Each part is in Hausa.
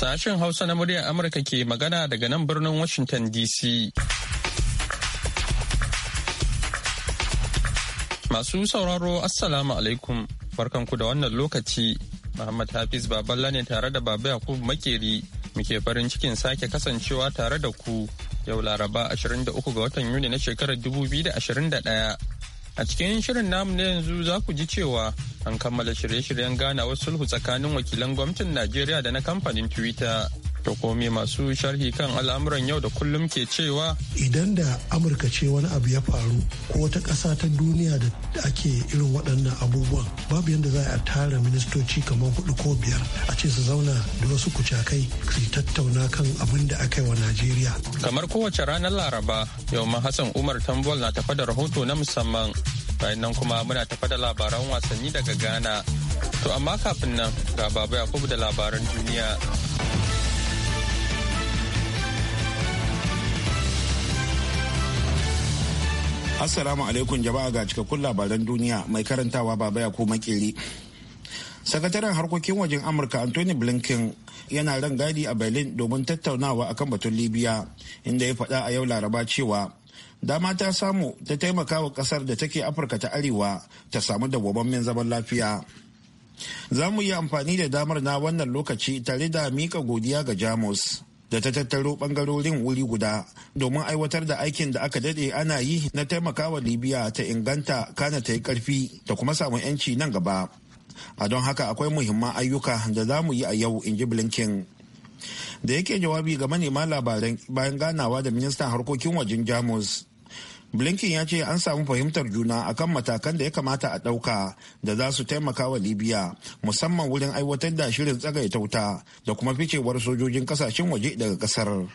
Sashen Hausa na muryar Amurka ke magana daga nan birnin Washington DC. Masu sauraro Assalamu alaikum barkanku da wannan lokaci. Muhammad Hafiz Baballa ne tare da Baba Yakubu Makeri muke farin cikin sake kasancewa tare da ku yau Laraba 23 ga watan Yuni na shekarar 2021. A cikin shirin namu na yanzu za ku ji cewa an kammala shirye-shiryen ganawar sulhu tsakanin wakilan gwamnatin Najeriya da na kamfanin Twitter To komi masu sharhi kan al'amuran yau da kullum ke cewa idan da amurka ce wani abu ya faru ko wata ƙasa ta duniya da ake irin waɗannan abubuwan babu yadda za a tara ministoci kamar hudu ko biyar a ce su zauna da wasu kucakai su tattauna kan abin da aka yi wa najeriya kamar kowace ranar laraba yau ma hassan umar tambol na tafa da rahoto na musamman bayan nan kuma muna tafa da labaran wasanni daga ghana to amma kafin nan ga baba yakubu da labaran duniya Assalamu alaikum jama'a ga cikakkun labaran duniya mai karantawa baba ya ko makeri. Sakataren harkokin wajen Amurka Anthony Blinken yana ran gadi a Berlin domin tattaunawa akan batun Libya inda ya faɗa a yau Laraba cewa dama ta samu ta taimaka wa kasar da take afirka ta arewa ta samu dawwamammen zaman lafiya za mu yi amfani da damar na wannan lokaci tare da mika godiya ga jamus da ta tattaro bangarorin wuri guda domin aiwatar da aikin da aka dade ana yi na taimakawa libya ta inganta kana ta yi karfi da kuma samu 'yanci nan gaba a don haka akwai muhimman ayyuka da za mu yi a yau in ji blinken da yake jawabi ga manema labaran bayan ganawa da ministan harkokin wajen jamus blinken ya ce an samu fahimtar juna akan matakan da ya kamata a ɗauka da za su taimaka wa libya musamman wurin aiwatar da shirin tsagaita wuta da kuma ficewar sojojin kasashen waje daga ƙasar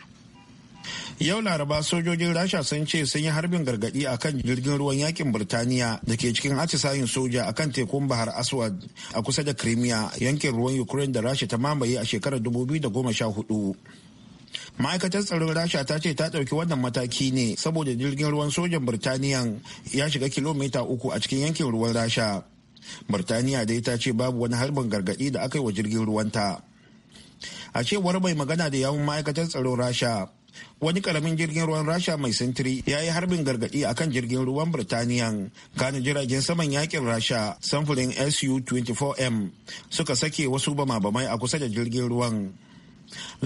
yau laraba sojojin rasha sun ce sun yi harbin gargadi a kan jirgin ruwan yakin birtaniya da ke cikin atisayin soja a kan tekun bahar aswad a kusa da crimea yankin ruwan ukraine da rasha ta mamaye a shekarar 2014 ma'aikatar tsaron rasha ta ce ta ɗauki wannan mataki ne saboda jirgin ruwan sojan birtaniya ya shiga kilomita uku a cikin yankin ruwan rasha birtaniya dai ta ce babu wani harbin gargaɗi da aka yi wa jirgin ta. a cewar mai magana da yawun ma'aikatar tsaron rasha wani karamin jirgin ruwan rasha mai sintiri ya yi harbin gargadi a kan jirgin ruwan birtaniya gane jiragen saman yakin rasha samfurin su-24m suka sake wasu bama-bamai a kusa da jirgin ruwan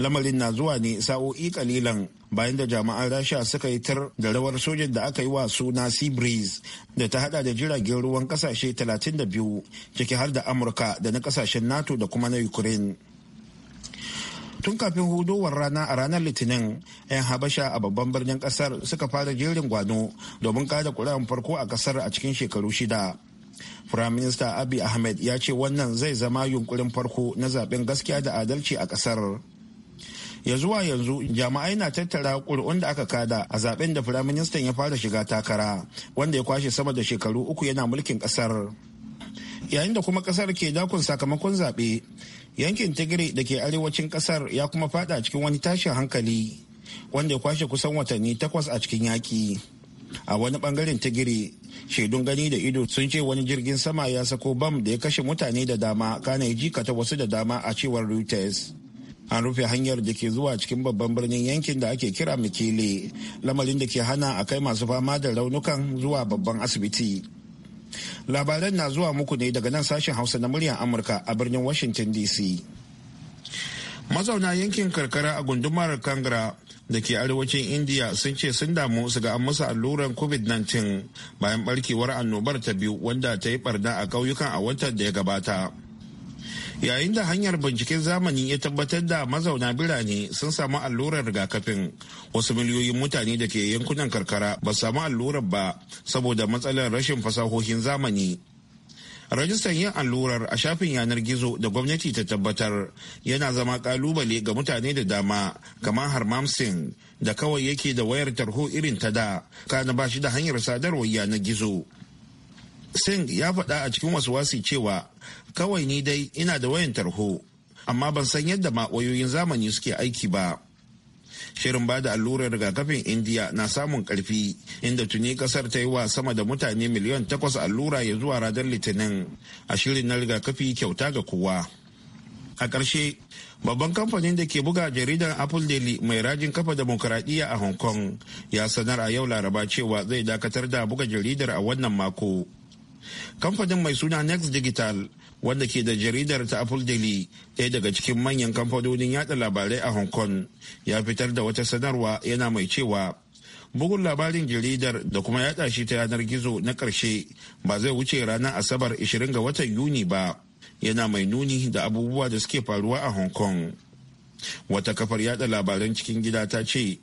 lamarin na zuwa ne sa'o'i kalilan bayan da jami'an rasha suka yi tar da rawar sojan da aka yi wa suna sea breeze da ta hada da jiragen ruwan kasashe 32 ciki har da amurka da na kasashen nato da kuma na ukraine tun kafin hudowar rana a ranar litinin 'yan habasha a babban birnin kasar suka fara jerin gwano domin kada kuran farko a kasar a cikin shekaru shida firaminista abi ahmed ya ce wannan zai zama yunkurin farko na zaben gaskiya da adalci a kasar ya zuwa yanzu jama'ai na tattara ƙuri'un da aka kada a zaben da firaministan ya fara shiga takara wanda ya kwashe sama da shekaru uku yana mulkin ƙasar yayin da kuma ƙasar ke dakon sakamakon zaɓe yankin tigiri da ke arewacin ƙasar ya kuma fada cikin wani tashin hankali wanda ya kwashe kusan watanni takwas a cikin yaƙi a wani bangaren tigiri shaidun gani da ido sun ce wani jirgin sama ya sako bam da ya kashe mutane da dama kana ya jikata wasu da dama a cewar reuters an rufe hanyar da ke zuwa cikin babban birnin yankin da ake kira mikele lamarin da ke hana a kai masu fama da raunukan zuwa babban asibiti labaran na zuwa muku ne daga nan sashen hausa na muryar amurka a birnin washington dc mazauna yankin karkara a gundumar kangra da ke arewacin indiya sun ce sun damu su ga an musu alluran covid-19 bayan barkewar annobar ta biyu wanda ta yi barna a ƙauyukan a watan da ya gabata yayin da hanyar binciken zamani ya tabbatar da mazauna birane sun samu allurar rigakafin wasu miliyoyin mutane da ke yankunan karkara ba samu allurar ba saboda matsalar rashin fasahohin zamani rajistan yin allurar a shafin yanar gizo da gwamnati ta tabbatar yana zama kalubale ga mutane da dama kamar harmam singh da kawai yake da wayar tarho irin ta da kana ba shi da hanyar sadarwar yanar gizo Singh ya faɗa a cikin wasu wasi cewa kawai ni dai ina da wayan tarho amma ban san yadda ma zamani suke aiki ba. Shirin ba da allurar rigakafin India na samun karfi inda tuni kasar ta yi wa sama da mutane miliyan takwas allura ya zuwa ranar litinin a shirin na rigakafi kyauta ga kowa. A ƙarshe, babban kamfanin da ke buga jaridar apple daily mai rajin kafa demokuraɗiyya a hong kong ya sanar a yau laraba cewa zai dakatar da buga jaridar a wannan mako kamfanin mai suna next digital wanda ke da jaridar ta apple daily ɗaya daga cikin manyan kamfanonin yada labarai a hong kong ya fitar da wata sanarwa yana mai cewa bugun labarin jaridar da kuma yada shi ta yanar gizo na ƙarshe ba zai wuce ranar asabar 20 ga watan yuni ba yana mai nuni da abubuwa da suke faruwa a hong kong wata kafar yada labaran cikin gida ta ce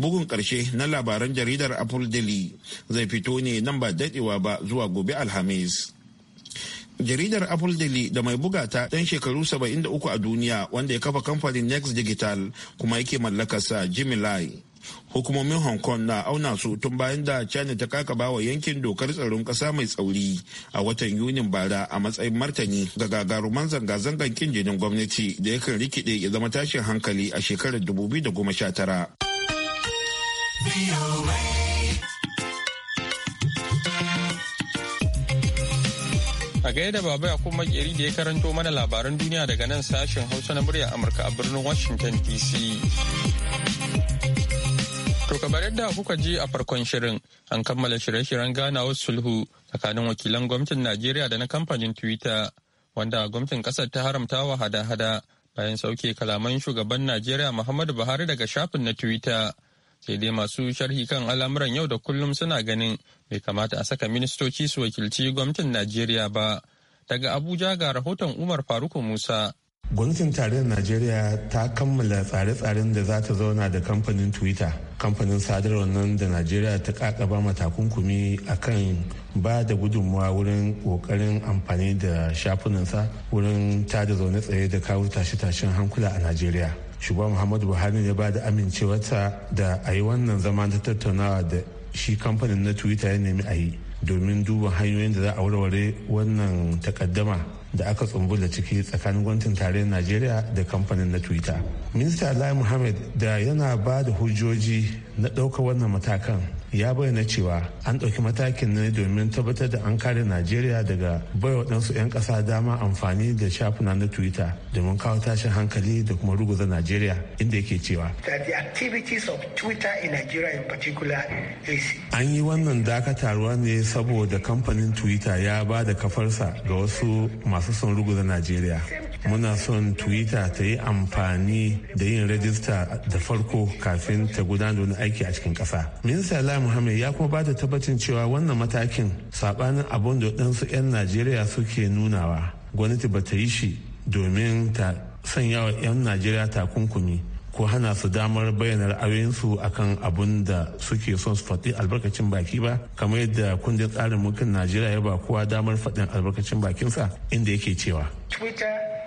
bugun karshe na labaran jaridar apple daily zai fito ne nan ba dadewa ba zuwa gobe alhamis jaridar apple daily da mai buga ta ɗan shekaru 73 a duniya wanda ya kafa kamfanin next digital kuma yake mallakarsa jimmy lai hukumomin hong kong na auna su tun bayan da china ta kakaba bawa yankin dokar tsaron kasa mai tsauri a watan yunin bara a matsayin martani ga gagaruman zanga-zangar kin jinin gwamnati da yakan rikide ya zama tashin hankali a shekarar 2019 A gaya da baba kuma makeri da ya karanto mana labaran duniya daga nan sashen Hausa na muryar Amurka a birnin Washington DC. To kamar yadda kuka ji a farkon shirin an kammala shirye-shiryen ganawar sulhu tsakanin wakilan gwamnatin Najeriya da na kamfanin Twitter wanda gwamnatin kasar ta haramta wa hada-hada bayan sauke kalaman shugaban Najeriya Muhammadu Buhari daga shafin na Twitter. sai dai masu sharhi kan al'amuran yau da kullum suna ganin bai kamata a saka ministoci su wakilci gwamnatin najeriya ba daga abuja ga rahoton umar faruku musa gwamnatin tarayyar najeriya ta kammala tsare-tsaren da za ta zauna da kamfanin twitter kamfanin sadarwar nan da najeriya ta kakaba matakunkumi a kan ba da gudunmawa wurin kokarin amfani da shafunansa wurin ta da zaune tsaye da kawo tashe-tashen hankula a najeriya shugaban muhammadu buhari ne ba da amincewarsa da a yi wannan zama ta tattaunawa da shi kamfanin na twitter ya nemi a yi domin duba hanyoyin da za a warware wannan takaddama da aka tsumbula ciki tsakanin gwamnatin tarayyar najeriya da kamfanin na twitter minista lai muhammad da yana ba da hujjoji na ɗaukar wannan matakan ya bayyana cewa an ɗauki matakin ne domin tabbatar da an kare najeriya daga bai waɗansu 'yan ƙasa dama amfani da shafuna na twitter domin kawo tashin hankali da kuma ruguza najeriya inda yake cewa an yi wannan dakatarwa ne saboda kamfanin twitter ya ba da kafarsa ga wasu masu son ruguza najeriya muna son twitter ta yi amfani da yin rajista da farko kafin ta gudanar wani aiki a cikin kasa minista lai muhammed ya kuma bada tabbacin cewa wannan matakin sabanin abun da waɗansu 'yan najeriya suke nunawa gwamnati ba ta yi shi domin ta sanya wa 'yan najeriya takunkumi ko hana su damar bayyana ra'ayoyinsu akan abun da suke son su faɗi albarkacin baki ba kamar yadda kundin tsarin mulkin najeriya ya ba kowa damar faɗin albarkacin bakinsa inda yake cewa twitter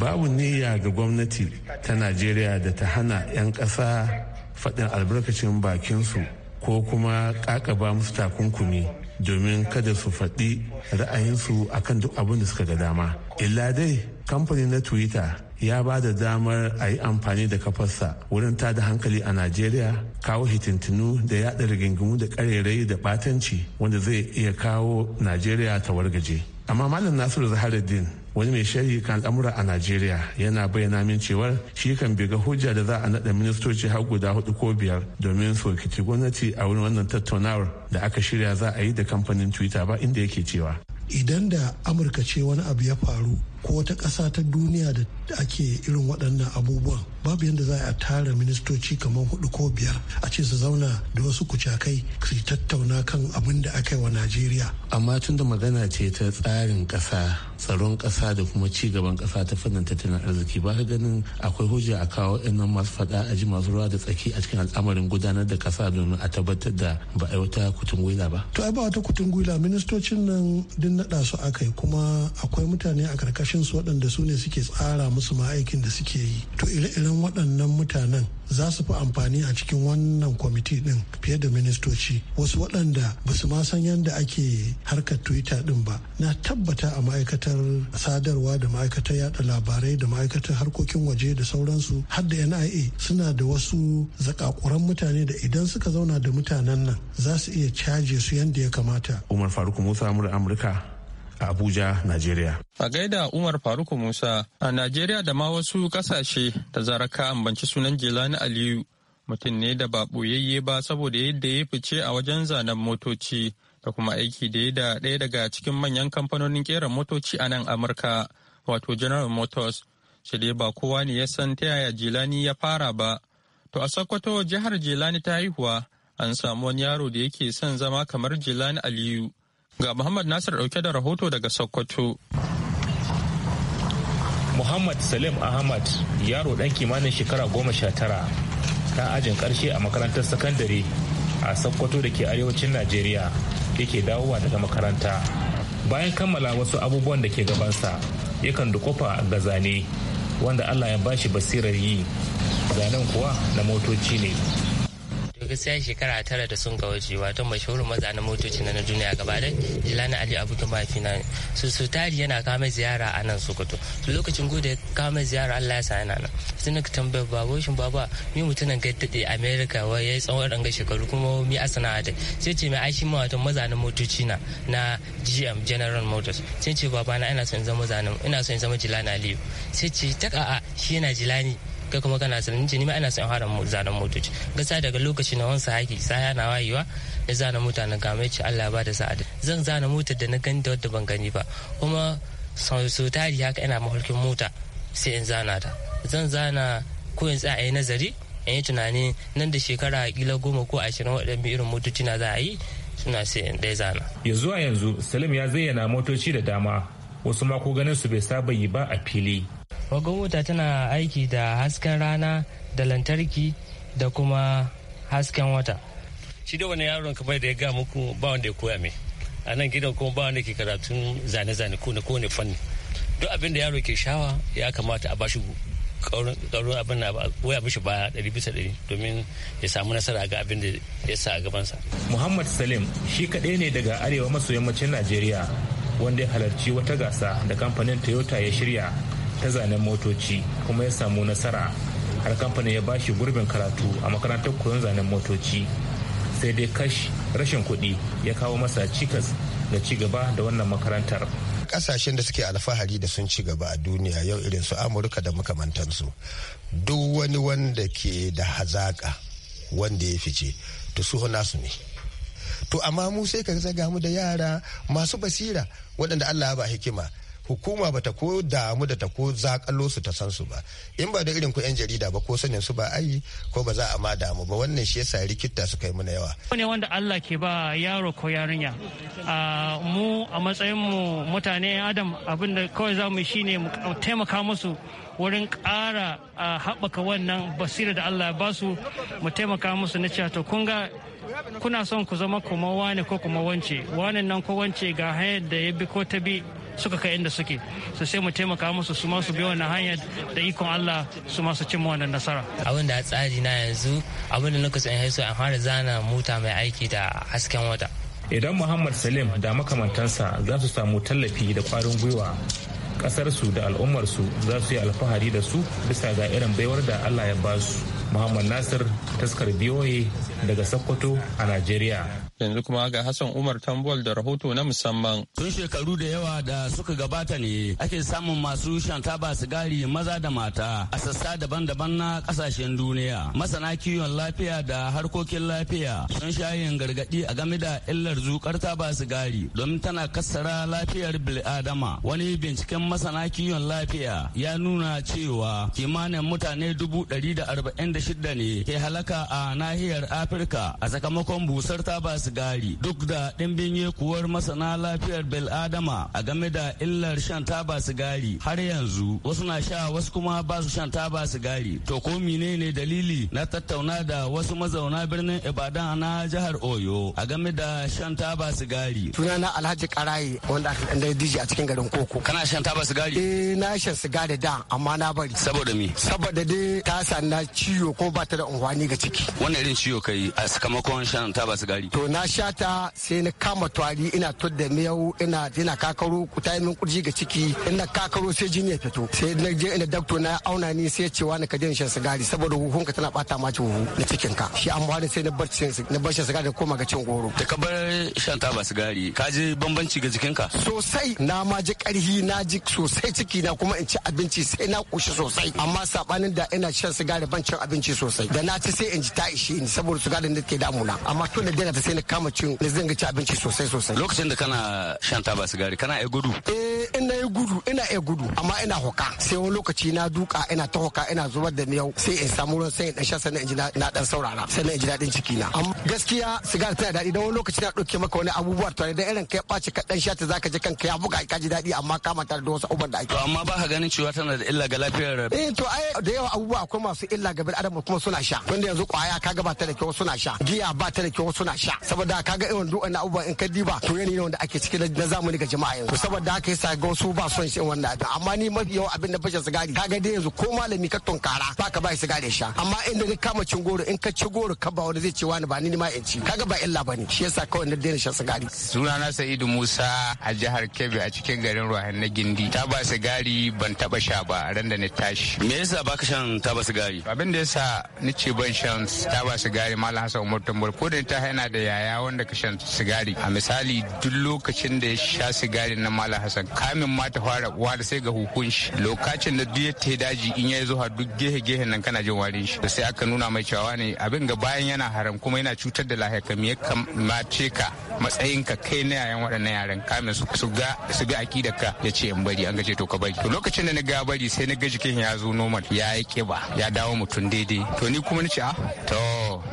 Babu niyya ga gwamnati ta Najeriya da ta hana 'yan ƙasa faɗin albarkacin bakinsu ko kuma ƙaƙaba musu takunkumi domin kada su faɗi ra'ayinsu akan duk abin da suka ga dama. Illa dai kamfanin na Twitter ya ba da damar a yi amfani da kafarsa wurin tada hankali a najeriya kawo hitintinu da yada rigingimu da karerai da batanci wanda zai iya kawo najeriya ta wargaje amma malam nasiru zaharuddin wani mai sharhi kan al'amura a najeriya yana bayyana min cewar shi kan biga hujja da za a naɗa ministoci har guda hudu ko biyar domin sokici gwamnati a wurin wannan tattaunawar da aka shirya za a yi da kamfanin twitter ba inda yake cewa idan da amurka ce wani abu ya faru ko wata ƙasa ta duniya da ake irin waɗannan abubuwan babu yadda za a tara ministoci kamar hudu ko biyar a ce su zauna da wasu kucakai su tattauna kan abin da aka yi wa najeriya amma tun da magana ce ta tsarin ƙasa tsaron ƙasa da kuma ci gaban ƙasa ta fannin tattalin arziki ba ganin akwai hujja a kawo nan masu faɗa a ji masu ruwa da tsaki a cikin al'amarin gudanar da ƙasa domin a tabbatar da ba a yi wata kutun gwila ba to ai ba wata kutun gwila ministocin nan din naɗa su aka yi kuma akwai mutane a karkashin karkashin su waɗanda su ne suke tsara musu ma'aikin da suke yi to ire-iren waɗannan mutanen za su fi amfani a cikin wannan kwamiti ɗin fiye da ministoci wasu waɗanda ba su ma san yadda ake harkar twitter ɗin ba na tabbata a ma'aikatar sadarwa da ma'aikatar yada labarai da ma'aikatar harkokin waje da sauransu har da nia suna da wasu zakakuran mutane da idan suka zauna da mutanen nan za su iya caje su yadda ya kamata umar faruk musa amurka a Abuja, Najeriya. A gaida Umar faruk Musa a Najeriya da ma wasu kasashe da zaraka ambanci sunan Jelani Aliyu mutum ne da ba ɓoyayye ba saboda yadda ya fice a wajen zanen motoci da kuma aiki da ya da ɗaya daga cikin manyan kamfanonin ƙera motoci a nan Amurka wato General Motors. Shi ba kowa ne ya san ta yaya Jelani ya fara ba. To a Sokoto jihar Jelani ta haihuwa an samu wani yaro da yake son zama kamar Jelani Aliyu. Ga Muhammad Nasir ɗauke da rahoto daga Sokoto. Muhammad Salim Ahmad yaro ɗan kimanin shekara goma sha tara ta ajin ƙarshe a makarantar sakandare a Sokoto da ke arewacin Najeriya yake dawowa daga makaranta. Bayan kammala wasu abubuwan da ke gabansa yakan dukofa ga zane wanda Allah ya bashi basirar yi. Zanen kuwa na motoci ne. gaskiya shekara tara da sun gawaje wato mashahurin maza na motoci na duniya gaba dai jilani ali abokin mahaifina ne su su tari yana kama ziyara a nan sokoto su lokacin gudu kama ziyara allah ya sa nan sun na tambayar shi shin baba mi mutumin gaddade america wai ya yi tsawon ɗan shekaru kuma mi a sana'a dai sai ce mai aishi ma wato maza na motoci na na gm general motors sai ce baba ina son zama zanen ina son zama jilani aliyu sai ce ta a shi yana jilani kai kuma kana sanin jini ma ana son fara zanen motoci gasa daga lokacin na wansa haki saya na wayewa na zana mota na gamai ce Allah ba da sa'ada zan zana motar da na gani da wadda ban gani ba kuma sau tari haka ina mahalkin mota sai in zana ta zan zana ko in tsaya yi nazari in yi tunani nan da shekara kila goma ko ashirin waɗanda irin motoci na za a yi suna sai in ɗaya zana. ya zuwa yanzu salim ya zayyana motoci da dama wasu ma ko ganin su bai saba yi ba a fili Ragon wuta tana aiki da hasken rana da lantarki da kuma hasken wata. Shi da wani yaron kamar da ya ga muku ba wanda ya koya mai. A nan gidan kuma ba wanda ke karatun zane-zane ko na kowane fanni. Duk abin da yaro ke shawa ya kamata a bashi ƙaurin abin na waya mishi baya ɗari bisa ɗari domin ya samu nasara ga abin da ya sa a gabansa. Muhammad Salim shi kaɗai ne daga arewa maso yammacin Najeriya wanda ya halarci wata gasa da kamfanin Toyota ya shirya ta zanen motoci kuma ya samu nasara har kamfanin ya bashi gurbin karatu a makarantar koyon zanen motoci sai dai kash rashin kuɗi ya kawo masa cikas ga cigaba da wannan makarantar kasashen da suke alfahari da sun ci gaba a duniya yau irin su amurka da makamantansu duk wani wanda ke da hazaƙa wanda ya fice to su su ne to amma mu sai ka zaga mu da yara masu basira waɗanda allah ba hikima hukuma ba ta ko damu da ta ko zakalo su ta san su ba in ba da irin ku yan jarida ba ko sanin su ba ayi ko ba za a ma damu ba wannan shi yasa rikita su kai mana yawa ne wanda Allah ke ba yaro ko yarinya mu a matsayin mu mutane adam abin da kawai za mu shine mu taimaka musu wurin ƙara haɓaka wannan basira da Allah ya ba su mu taimaka musu na cewa to kun ga kuna son ku zama kuma wane ko kuma wance wane nan ko wance ga hanyar da ya bi ko ta bi suka kai inda suke su sai mu taimaka musu su masu bi wannan hanyar da ikon Allah su masu cimma wannan nasara abin da tsari na yanzu abin da lokacin haisu an fara zana mota mai aiki da hasken wata idan muhammad salim da makamantansa za su samu tallafi da kwarin gwiwa kasarsu da al'ummarsu za su yi alfahari da su bisa ga irin baiwar da allah ya ba su muhammad nasir taskar biyoyi daga sokoto a najeriya yanzu kuma ga Hassan Umar Tambol da rahoto na musamman. Tun shekaru da yawa da suka gabata ne ake samun masu shan taba sigari maza da mata a sassa daban-daban na kasashen duniya. Masana kiwon lafiya da harkokin lafiya sun sha yin gargadi a game da illar zukar taba sigari don tana kassara lafiyar bil'adama. Wani binciken masana kiwon lafiya ya nuna cewa kimanin mutane dubu ɗari da arba'in da shida ne ke halaka a nahiyar Afirka a sakamakon busar taba sigari. sigari duk da ɗimbin yekuwar masana lafiyar adama a game da illar shan taba sigari har yanzu wasu na sha wasu kuma ba su shan taba sigari to ko ne dalili na tattauna da wasu mazauna birnin ibadan na jihar oyo a game da shan taba sigari sunana alhaji karaye wanda aka kandar diji a cikin garin koko kana shan taba sigari eh na shan sigari da amma na bari saboda me saboda dai ta sa na ciwo ko ba ta da unwani ga ciki wannan irin ciwo kai a sakamakon shan taba sigari to na na sha ta sai na kama tuwari ina da miyau ina ina kakaro kuta min kurji ga ciki ina kakaro sai jini ya fito sai na je ina dakto na auna ni sai cewa na kaje shan sigari saboda huhun ka tana bata ma ci huhu na cikin ka shi an bani sai na bar cin na bar shan sigari koma ga cin goro da ka bar shan taba sigari ka ji bambanci ga jikin ka sosai na ma ji karhi na ji sosai ciki na kuma in ci abinci sai na kushi sosai amma sabanin da ina shan sigari ban cin abinci sosai da na ci sai in ji ta ishe ni saboda sigarin da ke damuna amma tun da daga ta sai na kama cin zanga ci abinci sosai sosai lokacin da kana shan taba sigari kana ai gudu eh gudu ina iya gudu amma ina hoka sai wani lokaci na duka ina ta hoka ina zubar da niyau sai in samu ruwan sai in dan sha sannan in ji na dan saurara sannan in ji dadin ciki na amma gaskiya sigar tana daɗi dan wani lokaci na dauke maka wani abubuwa to da irin kai ɓaci ka dan sha ta zaka ji kanka ya buga ka ji daɗi amma ka manta da wasu abubuwan da ake amma ba ka ganin cewa tana da illa ga lafiyar eh to ai da yawa abubuwa akwai masu illa ga adam kuma suna sha wanda yanzu kwaya ka ga ba ta da kyau suna sha giya ba ta da kyau suna sha saboda ka ga irin duk wani abubuwa in ka diba to yanayi ne wanda ake ciki na zamani ga jama'a yanzu saboda haka yasa ga wasu ba son shan wannan abin amma ni mafi yawan abin da fashin sigari kaga dai yanzu ko malami ka tunkara ba ka ba sigari sha amma inda ka kama cin goro in ka ci goro ka ba wani zai ce wani ba ni ma in ci kaga ba illa bane shi yasa kawai na daina shan sigari sunana Sa'idu Musa a jihar Kebbi a cikin garin Ruwan na Gindi ta ba sigari ban taba sha ba ran da ni tashi me yasa baka shan taba sigari abin da yasa ni ce ban shan taba sigari malam Hassan Umar Tambol ko da ta yana da yaya wanda ka shan sigari a misali duk lokacin da ya sha sigari na malam Hassan kamin ma ta fara wari sai ga hukun shi lokacin da duk ta daji in ya zo har duk gehe gehen nan kana jin warin shi sai aka nuna mai cewa ne abin ga bayan yana haram kuma yana cutar da lahiyar ka me kamace ka matsayin ka kai na yayan waɗannan yaran kamin su ga su ga akidar ka ya ce in bari an gace to ka bari to lokacin da na ga bari sai na ga jikin ya zo normal ya yi kiba ya dawo mutum daidai to ni kuma ni ce a ah, to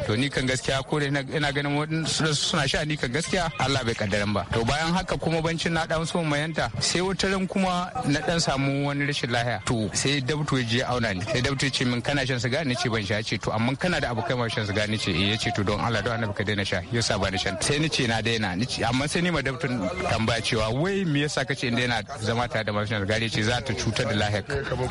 to ni kan gaskiya ko da ina ganin suna sha ni kan gaskiya Allah bai kaddaran ba to bayan haka kuma bancin na dan so mayanta sai wata bayan kuma na dan samu wani rashin lahiya to sai dabtu ya je auna ni sai dabtu ya ce min kana shan sigari ni ce ban sha ce to amma kana da abokai masu shan sigari ni ce eh yace to don Allah don annabi ka daina sha yasa ba ni shan sai ni ce na daina ni ce amma sai ni ma dabtu tambaya cewa wai me yasa kace in daina zama tare da masu shan sigari ce za ta cutar da lahiyar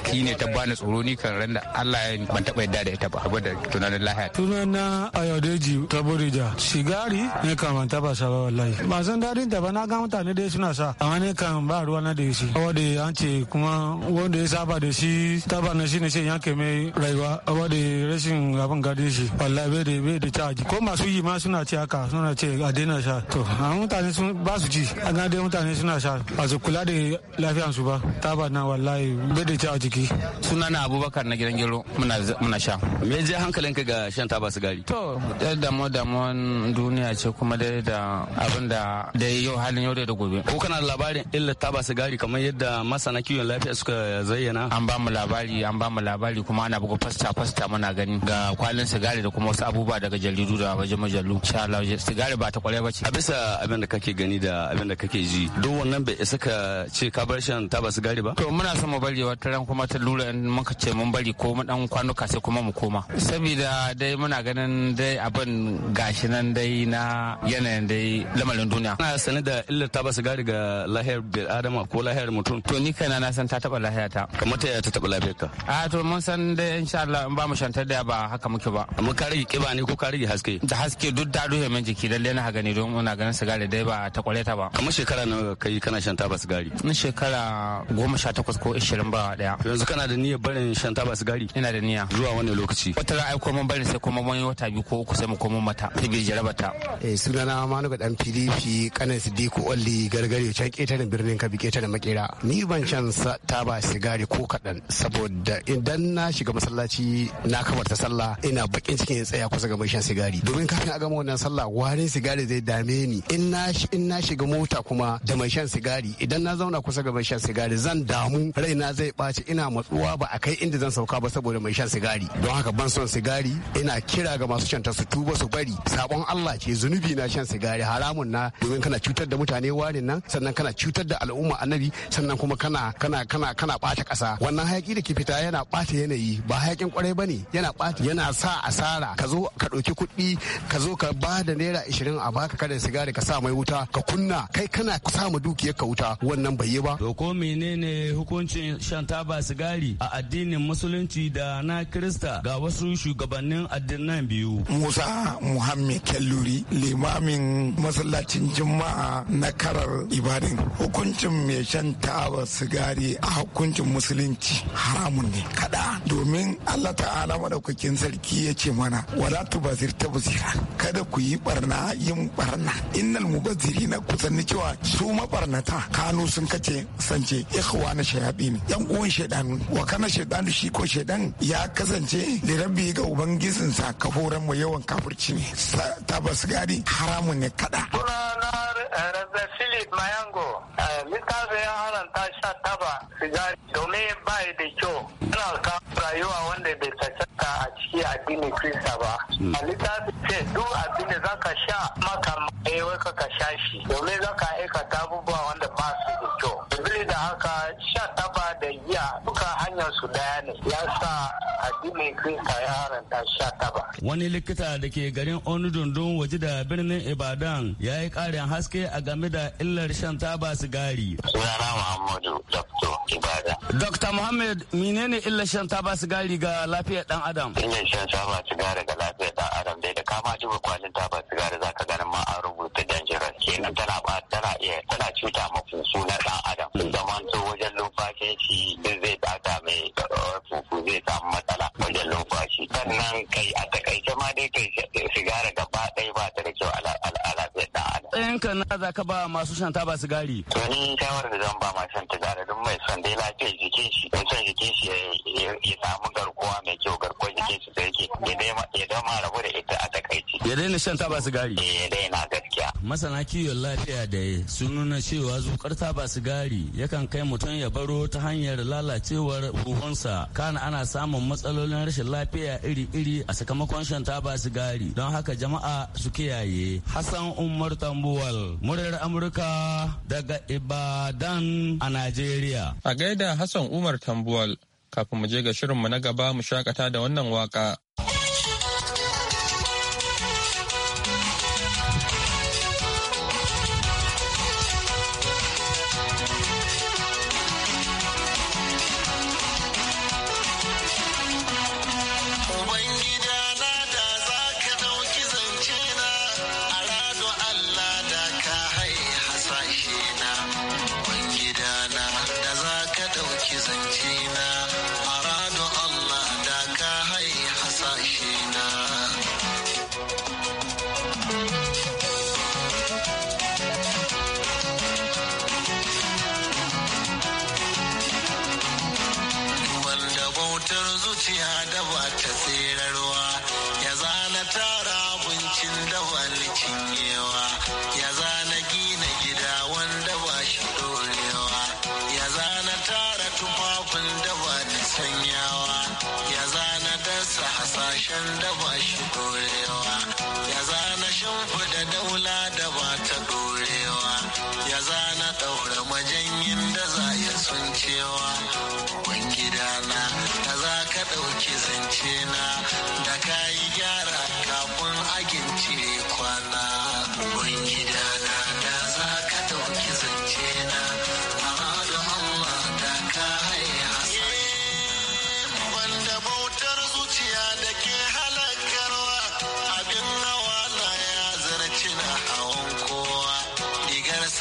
ki ne ta bani tsoro ni kan ran da Allah ya ban taba yadda da ita ba saboda tunanin lahiyar tunana ayodeji ta burija sigari ne kan ban taba sha ba wallahi ba san dadin ta ba na ga mutane dai suna sa amma ne kan ba ruwa na da shi de an ce kuma wanda ya saba da shi taba na shi ne sai yanke mai rayuwa wanda rashin abin gadin shi wallahi bai da bai da caji ko masu yi ma suna ce haka suna ce a daina sha to a mutane sun ba su ji a dai mutane suna sha ba su kula da lafiyar su ba taba na wallahi bai da caji a jiki suna na abubakar na gidan gero muna sha me je ka ga shan taba sigari to damuwa damuwa duniya ce kuma dai da abin da da yau halin yau da gobe ko kana da labarin illa taba sigari kamar yadda masana kiwon lafiya suka zayyana an ba mu labari an ba mu labari kuma ana buga fasta fasta muna gani ga kwalin sigari da kuma wasu abubuwa daga jaridu da waje majalu insha Allah sigari ba ta kwarai ba ce a bisa abin da kake gani da abin da kake ji duk wannan bai isa ka ce ka bar shan taba sigari ba to muna son mu bari wata ran kuma ta lura in muka ce mun bari ko mu dan kwanuka sai kuma mu koma saboda dai muna ganin dai abin gashi nan dai na yanayin dai lamarin duniya ana sanar da illar taba sigari ga lahiyar bil adama ko lahiyar lahiyar mutum to ni kaina na san ta taba lahiya ta kamar ta ta taba lafiyar ka a to mun san dai insha Allah in ba mu shantar da ba haka muke ba amma ka rage kiba ne ko ka rage haske da haske duk da duhe min jiki lalle na gani don muna ganin sigari dai ba ta kware ta ba kamar shekara nawa kai kana shan taba sigari ni shekara goma sha takwas ko ishirin ba daya yanzu kana da niyyar barin shan taba sigari ina da niyya zuwa wani lokaci wata ra'ayi ko mun barin sai kuma yi wata biyu ko uku sai mu komo mata ta bi jaraba ta eh sunana Manuka dan PDP kanan Sidiku Olli gargare can ketaren birnin Kabi ketaren kira ni ban shan taba sigari ko kaɗan saboda idan na shiga masallaci na ta sallah ina bakin cikin tsaya kusa ga mai shan sigari domin kafin a gama wannan sallah warin sigari zai dame ni in na shiga mota kuma da mai shan sigari idan na zauna kusa ga mai shan sigari zan damu raina zai ɓaci ina matsuwa ba a kai inda zan sauka ba saboda mai shan sigari don haka ban son sigari ina kira ga masu shanta su tuba su bari sabon Allah ce zunubi na shan sigari haramun na domin kana cutar da mutane warin nan sannan kana cutar da al'umma annabi sannan kuma kana kana kana kana bata kasa wannan hayaki da ke fita yana bata yanayi ba hayakin kwarai bane yana bata yana sa asara ka zo ka dauki kuɗi ka zo ka ba da naira 20 a baka karin sigari ka sa mai wuta ka kunna kai kana sa ma dukiyar ka wuta wannan bai yi ba to ko menene hukuncin shan taba sigari a addinin musulunci da na kirista ga wasu shugabannin addinan biyu musa muhammed kelluri limamin masallacin juma'a na karar ibadin hukuncin mai shan shan taba sigari a hukuncin musulunci haramun ne kada domin Allah ta'ala madaukakin sarki ya ce mana wala tubazir buzira kada ku yi barna yin barna innal na na kusanni cewa su mabarnata kanu sun kace sance shayabi ne yan uwan shaidanu wa kana shaidanu shi ko shaidan ya kasance lirabbi ga ubangijinsa kaforan mu yawan kafirci ne taba sigari haramun ne kada kamar eh, Philip Mayango littafin ya haranta sha taba sigari domin ba da kyau yana kawo rayuwa wanda bai cancanta a ciki addinin Kirista ba. Hmm. A littafin ce duk abin da zaka sha maka mai eh, ka sha shi domin zaka aikata abubuwa wanda ba su da kyau. Sabili da haka sha taba da giya duka hanyar su daya dole kirista ya haranta sha taba. Wani likita da ke garin Onudundun waje da birnin Ibadan ya yi ƙarin haske a game da illar shan taba sigari. Sunana Muhammadu Dokto Ibadan. Dokta Muhammad menene illar shan taba sigari ga lafiyar ɗan Adam? Illar shan taba sigari ga lafiyar ɗan Adam dai da kama duba kwalin taba sigari za ka ganin ma a rubuta dangerous kenan tana tana iya tana cuta mafi suna ɗan Adam. Zaman to wajen lumfashin shi zai ko zai samu matsala wajen numfashi sannan kai a takaice ma dai kai sigara gaba ɗaya ba ta da kyau al'alafiyar ɗan adam. ka na za ka ba masu shan taba sigari. to ni shawarar da zan ba masu shan sigara duk mai son dai lafiyar jikin shi mai son jikin shi ya samu garkuwa mai kyau garkuwar jikin shi da yake ya dama rabu da ita a takaice. ya daina shan taba sigari. Eh, ya daina gaskiya. masana kiwon lafiya da sun nuna cewa zukar taba sigari yakan kai mutum ya baro ta hanyar lalacewar huhunsa kana ana samun matsalolin rashin lafiya iri-iri a sakamakon shan taba sigari don haka jama'a su kiyaye hassan umar tambuwal murar amurka daga ibadan a najeriya a gaida hassan umar tambuwal kafin mu je ga shirin mu na gaba mu shakata da wannan waka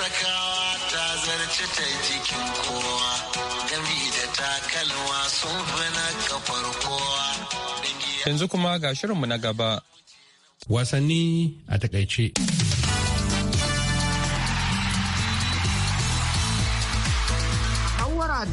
talakawa ta zarce ta jikin kowa gami da takalma sun fi na kafar kowa yanzu kuma ga shirinmu na gaba wasanni a takaice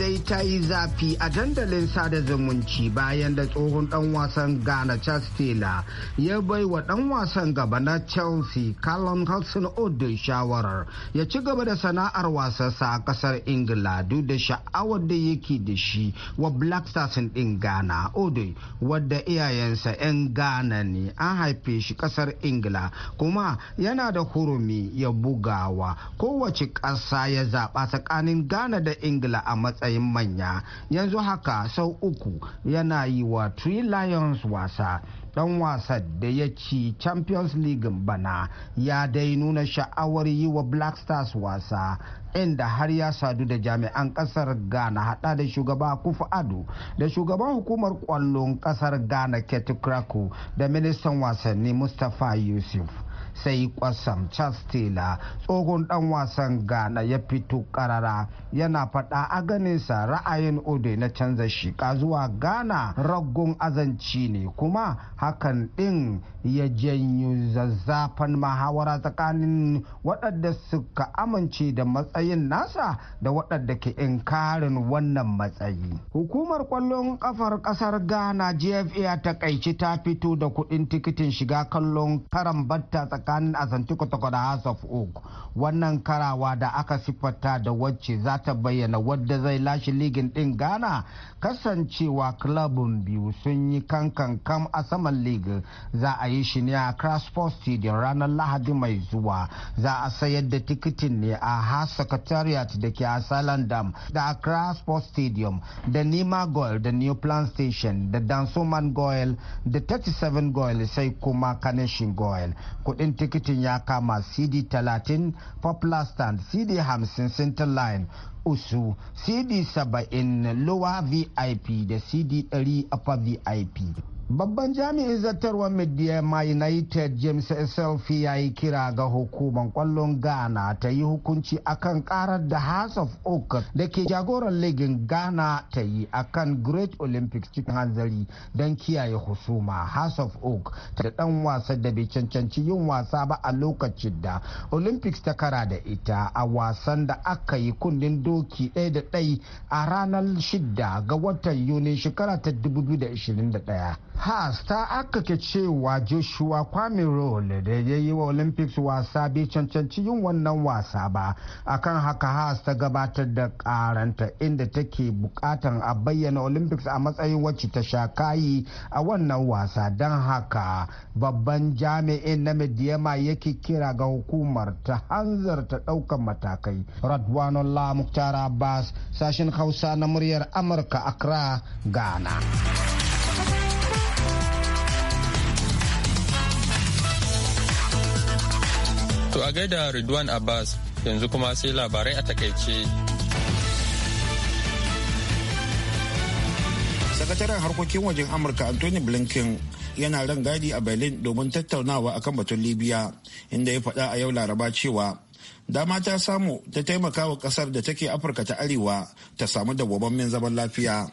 dai ta yi zafi a dandalin sada zumunci bayan da tsohon dan wasan Ghana Charles Taylor ya bai wa dan wasan gaba na Chelsea Callum Hudson Odoi shawarar ya ci gaba da sana'ar wasarsa a kasar Ingila duk da sha'awar da yake da shi wa Black Stars din Ghana Odoi wadda iyayensa 'yan Ghana ne an haife shi kasar Ingila kuma yana da hurumi ya bugawa kowace ƙasa ya zaɓa tsakanin Ghana da Ingila a matsayin matsayin manya yanzu haka sau uku yana yi wa tree lions wasa dan wasan da ya ci champions league bana ya dai nuna sha'awar yi wa black stars wasa inda har ya sadu da jami'an kasar ghana hada da shugaba kufu ado da shugaban hukumar kwallon kasar ghana ketu da ministan wasanni mustapha yusuf sai kwasam charles taylor tsohon dan wasan ghana ya fito karara yana fada a ganinsa ra'ayin ode na canza shika zuwa ghana ragon azanci ne kuma hakan din ya janyo zazzafan mahawara tsakanin waɗanda suka amince da matsayin nasa da waɗanda ke inkarin wannan matsayi hukumar kwallon kafar ƙasar ghana gfa ta kaici ta fito da kuɗin tikitin shiga kallon karan batta tsakanin tsakanin azanti ta da house of oak wannan karawa da aka siffata da wacce za ta bayyana wadda zai lashe ligin din ghana kasancewa klabin biyu sun yi kankan kam a saman ligin za a yi shi ne a crossport stadium ranar lahadi mai zuwa za a sayar da tikitin ne a har secretariat da ke a da accra stadium da nima goil da new plan station da dansoman goil da 37 goil sai kuma kanishin goil kudin farashin tikitin ya kama cd 30 poplar stand cd 50 center line usu cd 70 lower vip da cd 100 upper vip babban jami'in media midiyama united james selfie ya yi kira ga hukumar kwallon ghana ta yi hukunci akan karar da house of oak da ke jagoran ligin ghana ta yi akan great olympics cikin hanzari don kiyaye husuma house of oak ta dan wasa da bai cancanci yin wasa ba a lokacin da olympics ta kara da ita a wasan da aka yi kundin doki ɗaya da ɗai a ranar shida ga watan yuni shekara ta ɗaya. haas ta aka ke cewa joshua kwame roll da ya yi wa olympics wasa bai cancanci yin wannan wasa ba akan haka haas ta gabatar da karanta inda take bukatan a bayyana olympics a matsayin wacce ta sha kayi a wannan wasa don haka babban jami'in na mediyama yake kira ga hukumar ta hanzarta ɗaukar matakai radwanullah Muktar Abbas sashen Hausa na muryar Amurka Accra, Ghana. To a gaida Ridwan Abbas yanzu kuma sai labarai a takaice. Sakataren harkokin wajen Amurka Anthony Blinken yana ran gadi a Berlin domin tattaunawa akan batun Libya inda ya faɗa a yau Laraba cewa dama ta samu ta taimaka wa kasar da take afirka ta arewa ta samu dawwamammen zaman lafiya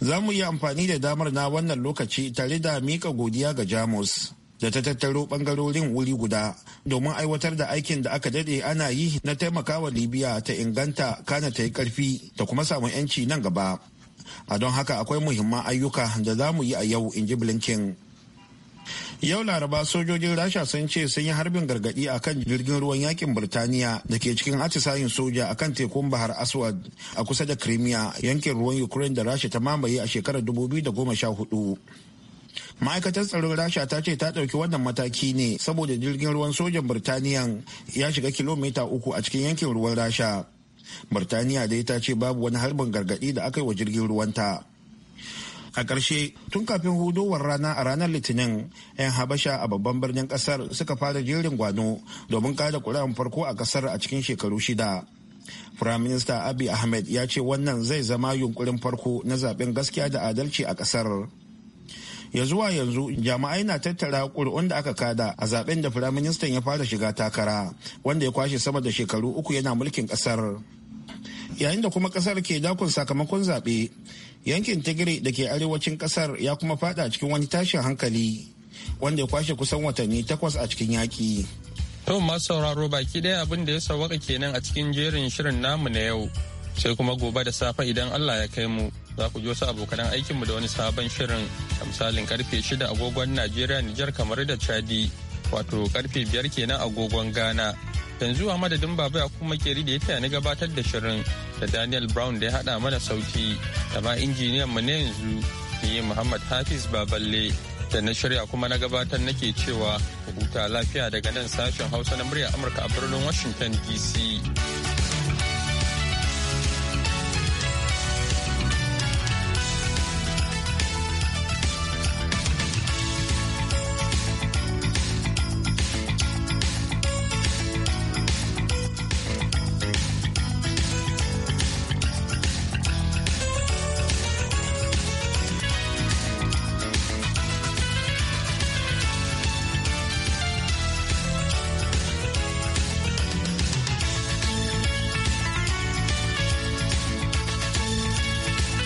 za mu yi amfani da damar na wannan lokaci tare da mika godiya ga jamus da ta tattaro bangarorin wuri guda domin aiwatar da aikin da aka dade ana yi na taimakawa libya ta inganta kana ta yi karfi ta kuma samu yanci nan gaba a don haka akwai muhimman ayyuka da za mu yi a yau in ji blinken yau laraba sojojin rasha sun ce sun yi harbin gargadi a kan jirgin ruwan yakin birtaniya da ke cikin atisayin soja a kan tekun bahar aswad a kusa da crimea yankin ruwan ukraine da rasha ta mamaye a shekarar 2014 ma'aikatar tsaron rasha ta ce ta ɗauki wannan mataki ne saboda jirgin ruwan sojan birtaniya ya shiga kilomita uku a cikin yankin ruwan rasha birtaniya dai ta ce babu wani harbin gargadi da aka yi wa jirgin ruwanta a ƙarshe tun kafin hudowar rana a ranar litinin 'yan habasha a babban birnin ƙasar suka fara jerin gwano domin kada kuri'an farko a ƙasar a cikin shekaru shida Prime Minister Abiy Ahmed ya ce wannan zai zama yunkurin farko na zaben gaskiya da adalci a ƙasar. Ya zuwa yanzu jama'ai na tattara ƙuri'un da aka kada a zaben da firaministan ya fara shiga takara wanda ya kwashe sama da shekaru uku yana mulkin ƙasar. Yayin da kuma ƙasar ke dakon sakamakon zaɓe, yankin tigiri da ke arewacin kasar ya kuma fada cikin wani tashin hankali wanda ya kwashe kusan watanni takwas a cikin yaki. to masu sauraro baki ɗaya abin da ya sawaka kenan a cikin jerin shirin namu na yau sai kuma gobe da safe idan allah ya kai mu za ku ji wasu aikin aikinmu da wani sabon shirin a misalin karfe shida agogon najeriya nijar kamar da chadi wato karfe biyar kenan agogon ghana yanzu a madadin baba ya kuma keri da ya taya ni gabatar da shirin da daniel brown da ya hada mana sauti da ma injiniyan mu na yanzu ni muhammad hafiz baballe da na shirya kuma na gabatar nake cewa huta lafiya daga nan sashen hausa na murya amurka a birnin washington dc